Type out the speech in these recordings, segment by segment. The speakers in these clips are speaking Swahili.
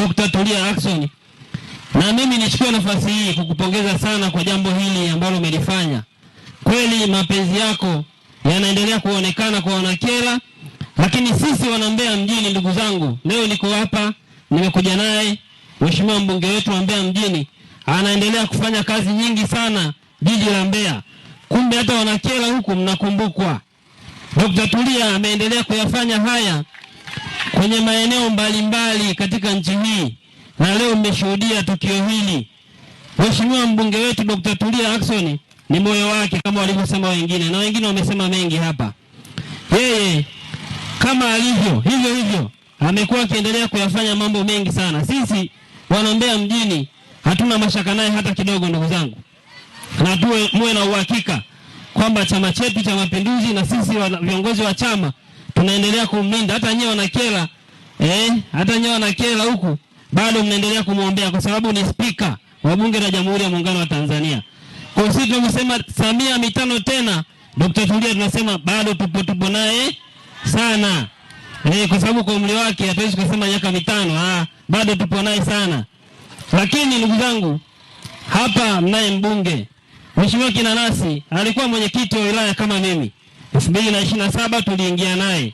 Dr. Tulia Ackson, na mimi nichukue nafasi hii kukupongeza sana kwa jambo hili ambalo umelifanya. Kweli mapenzi yako yanaendelea kuonekana kwa Wanakela, lakini sisi wanambea mjini, ndugu zangu, leo niko hapa, nimekuja naye mheshimiwa mbunge wetu wa Mbeya mjini, anaendelea kufanya kazi nyingi sana jiji la Mbeya. Kumbe hata Wanakela huku mnakumbukwa. Dr. Tulia ameendelea kuyafanya haya kwenye maeneo mbalimbali mbali katika nchi hii, na leo mmeshuhudia tukio hili. Mheshimiwa mbunge wetu Dr. Tulia Ackson ni moyo wake kama walivyosema wengine, na wengine wamesema mengi hapa. Yeye kama alivyo hivyo hivyo amekuwa akiendelea kuyafanya mambo mengi sana. Sisi wana Mbeya mjini hatuna mashaka naye hata kidogo, ndugu zangu, na tuwe muwe na uhakika kwamba chama chetu cha Mapinduzi na sisi viongozi wa chama tunaendelea kumlinda. Hata nyewe wanakela eh, hata nyewe wanakela huku bado mnaendelea kumwombea, kwa sababu ni spika wa bunge la Jamhuri ya Muungano wa Tanzania. Kwa sisi tumesema Samia mitano tena, Dr. Tulia tunasema bado tupo tupo naye sana eh, kwa sababu kwa umri wake hatuwezi kusema miaka mitano, ah, bado tupo naye sana. Lakini ndugu zangu, hapa mnaye mbunge Mheshimiwa Kinanasi alikuwa mwenyekiti wa wilaya kama mimi elfu mbili na ishirini na saba tuliingia naye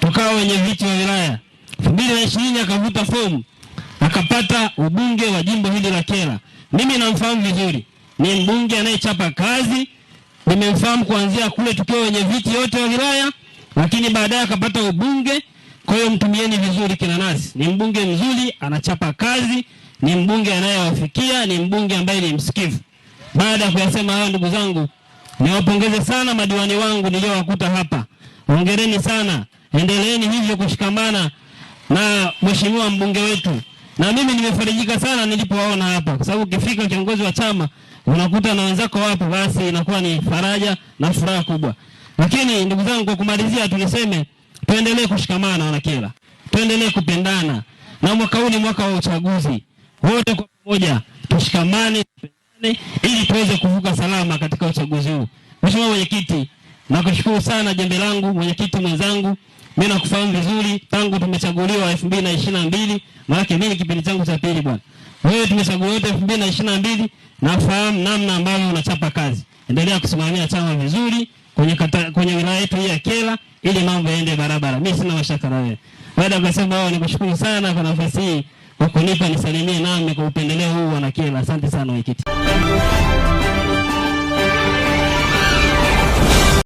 tukawa wenye viti wa wilaya. elfu mbili na ishirini akavuta fomu akapata ubunge wa jimbo hili la Kera. Mimi namfahamu vizuri, ni mbunge anayechapa kazi, nimemfahamu kuanzia kule tukiwa wenye viti yote wa wilaya, lakini baadaye akapata ubunge. Kwa hiyo mtumieni vizuri kina nasi, ni mbunge mzuri, anachapa kazi, ni mbunge anayewafikia, ni mbunge ambaye ni msikivu. Baada ya kuyasema hayo, ndugu zangu Niwapongeze sana madiwani wangu niliowakuta hapa, hongereni sana, endeleeni hivyo kushikamana na mheshimiwa mbunge wetu. Na mimi nimefarijika sana nilipowaona hapa, kwa sababu ukifika kiongozi wa chama unakuta na wenzako wapo, basi inakuwa ni faraja na furaha kubwa. Lakini ndugu zangu, kwa kumalizia, tuniseme tuendelee kushikamana wanakyela, tuendelee kupendana, na mwaka huu ni mwaka wa uchaguzi. Wote kwa pamoja tushikamane nne ili tuweze kuvuka salama katika uchaguzi huu. Mheshimiwa Mwenyekiti, nakushukuru sana jembe langu mwenyekiti mwenzangu, mimi nakufahamu vizuri tangu tumechaguliwa 2022 maana mimi kipindi changu cha pili bwana. Wewe tumechaguliwa 2022 nafahamu namna ambavyo unachapa kazi. Endelea kusimamia chama vizuri kwenye kata, kwenye wilaya yetu ya Kyela ili mambo yaende barabara. Mimi sina mashaka na wewe. Baada ya kusema hao, nikushukuru sana kwa nafasi hii kwa kunipa nisalimie nami kwa upendeleo huu, wanakiela Asante sana wenyekiti